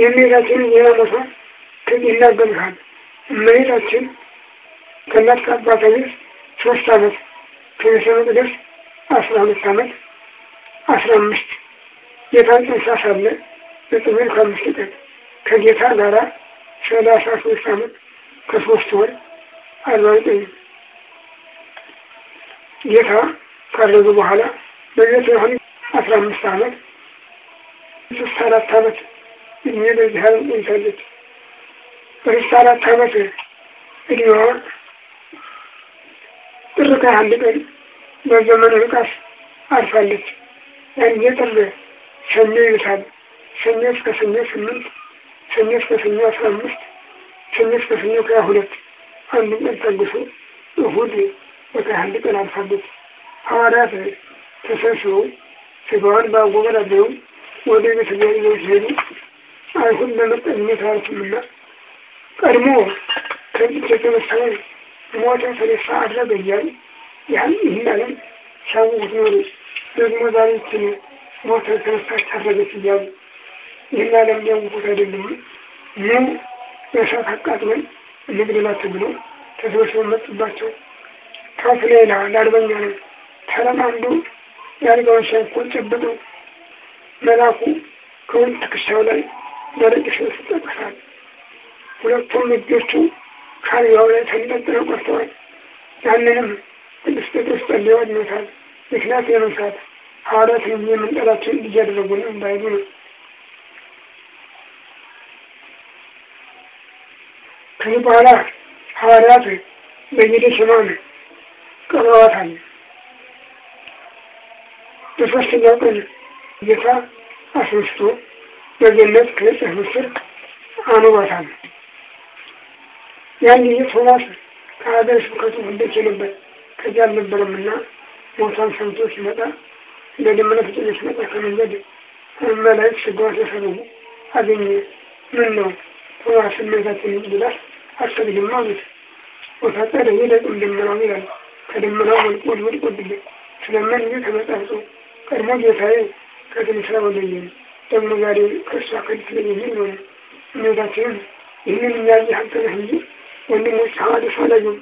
የእመቤታችንን የላመሳ ይናገሩታል። እመሄዳችን ከእናት ከአባቷ ቤት ሶስት ዓመት ከቤተ መቅደስ አስራ ሁለት ዓመት አስራ አምስት ጌታን ጸንሳ ሳለ በጥቅምት ከአምስት ቀን ከጌታ ጋራ ሰላሳ ሶስት ዓመት ከሶስት ወር አርባ ዘጠኝ ጌታ ካረገ በኋላ በቤተ ዮሐንስ አስራ አምስት ዓመት ሶስት አራት ዓመት እኔ በዚህ ዓለም ቆይታለች። በስልሳ አራት ዓመት እድሜዋ ጥር ሃያ አንድ ቀን በዘመነ ልቃስ አርፋለች። ያን ጊዜ ጥር ሰኞ ይሉታል። ሰኞ እስከ ሰኞ ስምንት ሰኞ እስከ ሰኞ አስራ አምስት ሰኞ እስከ ሰኞ ከሀያ ሁለት አንድ ቀን ታግሶ እሁድ በከሀያ አንድ ቀን አርፋለች። ሐዋርያት ተሰብስበው ስጋዋን በአጎበር አድረው ወደ ቤተ ሲሄዱ አሁን ለመጠንነት አልኩምና ቀድሞ ከዚህ የተመሰለ ሞተ ተነሳ አድረገ እያሉ ያን ይህን ዓለም ሲያውቁት ኖሩ። ደግሞ ዛሬችን ሞተ ተነሳ አድረገች እያሉ ይህን ዓለም ሊያውቁት አይደለም። ምን በሰት አቃጥለን እንግድላት ብሎ ተሰበሰበ መጡባቸው። ካፍ ሌላ ለአርበኛ ነው ተለማምዶ የአልጋውን ሸንኮል ጨብጠው መላኩ ከሁን ትከሻው ላይ በርዕስ ጠቅሳል። ሁለቱም እጆቹ ካልጋው ላይ ተንጠልጥለው ቀርተዋል። ያንንም ቅድስት ጴጥሮስ ጸልዮ አድኖታል። ምክንያት የመንሳት ሐዋርያትንም የምንጠላቸውን ልጅ ያደረጉን እንዳይሉ ነው። ከዚህ በኋላ ሐዋርያት በጌቴሴማኒ ቀብረዋታል። በሦስተኛው ቀን ጌታ አስነስቶ በገነት ከጽሕፉ ስር አኑሮታል። ያን ጊዜ ቶማስ ከሀገር ስብከቱ ጉደች ነበር። ከዚያ እና ሞቷን ሰምቶ ሲመጣ እንደ ደመና ፍጥኝ ሲመጣ ከመንገድ መላእክት ስጋዋን ሲያሳርጉ አገኘ። ምን ነው ቶማስ መዛትን ብላስ አትሰግድም አሉት። ወታጠር ይደቅም ደመናው ይላል። ከደመናው ወድቆ ወድቆ ድበት ስለምን ይህ ቀድሞ ጌታዬ ከትንስራ ወለየ ደግሞ ዛሬ ከእሷ ከድትለኝ ይል ነው እመቤታችንም ይህንን እያየ ሀገርህ እንጂ ወንድሞች ሐዋርያት አላዩም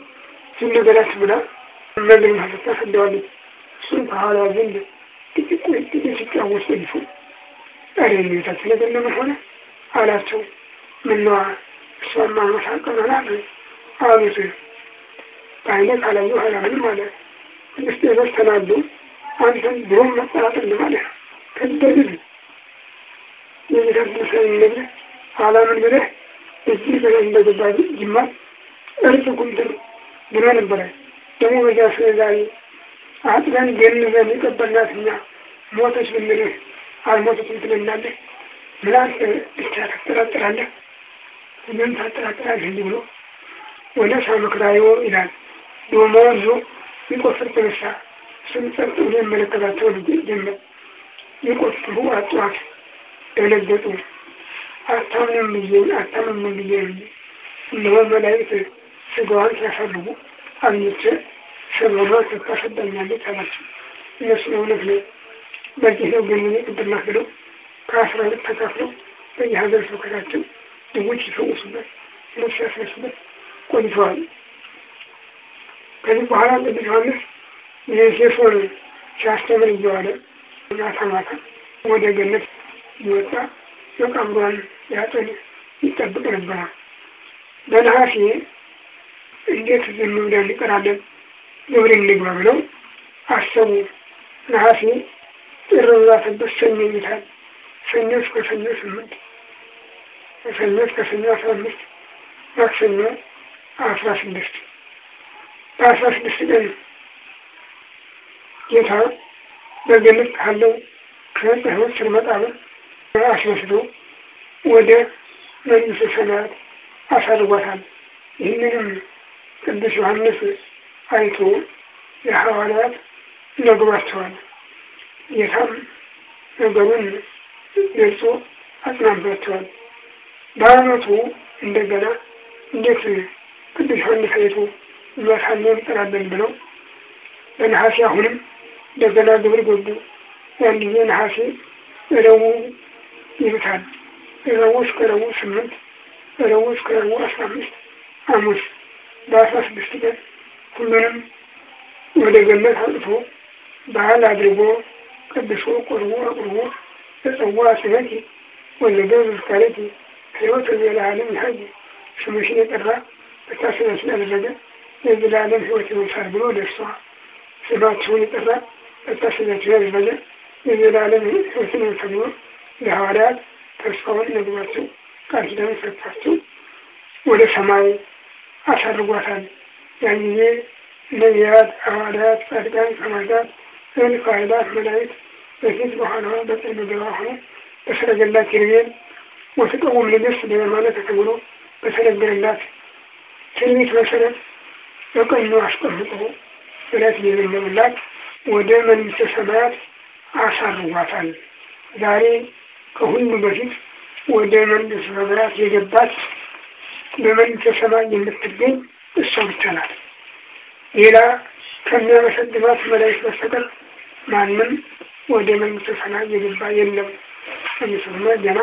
ዝም ነገራት ብላ መግሪን ሀሰታ ሰደዋለች። እሱም ከኋላዋ ዘንድ ጥቂት ቆይ ጥቂት ሲጫወት መልሶ ኧረ የእመቤታችን ነገር ለምን ሆነ አላቸው። ምነዋ እሷማ መሳቀናናት አሉት። በዓይነት አላየሁ አላምንም አለ። እስጢፋኖስ ተናዶ አንተን ድሮም መጠራጠር ልማለህ ከደግግ የደረሰ ብለህ ዓላምን ብለህ እዚህ ብለህ እንደገባ ጅማ እርስ ጉምድር ብሎ ነበረ። ደግሞ በዚያ ስለዛሬ አጥረን ገንዘን የቀበልናት እኛ ሞተች ብንልህ አልሞተችም ትለናለህ። ምናት ብቻ ምን ታጠራጥራለህ? እንዲህ ብሎ ወደ ይላል። ደግሞ ወንዙ ይቆፍር ተነሳ። ስም ጸጥ ብሎ ይመለከታቸው ጀመር። ይቆፍሩ አጧት ደነገጡ። አታምንም ብዬ አታምንም ብዬ እነሆ መላእክት ስጋዋን ሲያሳርጉ አግኝቼ ሰበኗ ትታሰጠኛለች አላቸው። እነሱ እውነት ነው፣ በዚህ ነው ግንኙነት ብናክለው ከአስራ ሁለት ተካፍለው በየሀገር ስብከታቸው ድውጭ ይፈውሱበት፣ ነፍስ ያስነሱበት ቆይተዋል። ከዚህ በኋላ ቅዱስ ዮሐንስ የሴሶን ሲያስተምር እየዋለ ማታ ማታ ወደ ገነት እየወጣ ሱቅ አምሯን ያጥን ይጠብቅ ነበራ። በነሐሴ እንዴት ዝም ብለን እንቀራለን? ግብር እንግባ ብለው አሰቡ። ነሐሴ ጥር በዛተበት ሰኞ ይታል። ሰኞ እስከ ሰኞ ስምንት ሰኞ እስከ ሰኞ አስራ አምስት ማክሰኞ አስራ ስድስት በአስራ ስድስት ቀን ጌታ በገነት ካለው ስር መቃብር ወስዶ ወደ መንግሥተ ሰማያት አሳርጓታል። ይህንንም ቅዱስ ዮሐንስ አይቶ ለሐዋርያት ነግሯቸዋል። ጌታም ነገሩን ገልጾ አጽናንቷቸዋል። በአመቱ እንደገና እንዴት ቅዱስ ዮሐንስ አይቶ መሳለን እንጠራለን ብለው በነሐሴ አሁንም እንደገና ግብር ገቡ። ያን ጊዜ ነሐሴ ረቡዕ إذا يمكن يروش كروش سمنت يروش كروش سمنت أمس باسس بستك كلهم ولا جنة حلفو بعلى دربو قد شو كروه كروه تسوى سنتي ولا جنة كارتي حيوت في العالم الحج شمشنا ترى تكسر سنة الرجع نزل العالم حيوت من سربلو لسه سبعة شوني ترى تكسر سنة الرجع نزل العالم حيوت من سربلو የሐዋርያት ተስፋውን ነግሯቸው ቃል ኪዳን ሰጥቷቸው ወደ ሰማይ አሳርጓታል። ያን ጊዜ ነቢያት፣ ሐዋርያት፣ ጻድቃን፣ ሰማዕታት፣ እልፍ አእላፍ መላእክት በፊት በኋላ በቀኝ በግራ ሆነው በሰረገላ ኪሩቤል ወትቀውም ልብስ በማለት ተከብሮ በሰረገላት ትንቢት መሰረት በቀኙ አስቀምጦ እለት የለመኑላት ወደ መንግስተ ሰማያት አሳርጓታል። ዛሬ ከሁሉ በፊት ወደ መንግሥተ ሰማያት የገባት በመንግሥተ ሰማይ የምትገኝ እሷ ብቻ ናት። ሌላ ከሚያመሰግናት መላእክት በስተቀር ማንም ወደ መንግሥተ ሰማይ የገባ የለም። የሚሰማ ገና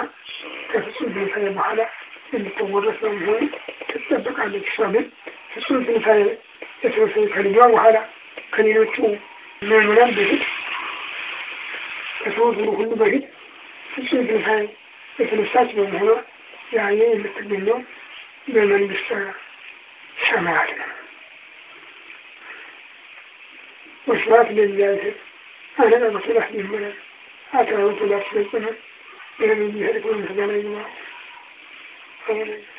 ከፍጹም ትንሣኤ በኋላ የምትወረስ በመሆኑ ትጠበቃለች። እሷ ግን ፍጹም ትንሣኤ የተወሰነ ከልጇ በኋላ ከሌሎቹ ምዕመናን በፊት ከሰዎች ሁሉ በፊት هاي مثل الساس من هنا يعني مثل منه بمن بسرعة سماعنا وصلاة لله أنا لا بصلح بالملل أتعرض لأفسد الزمن لأن يهلكون من خلال الله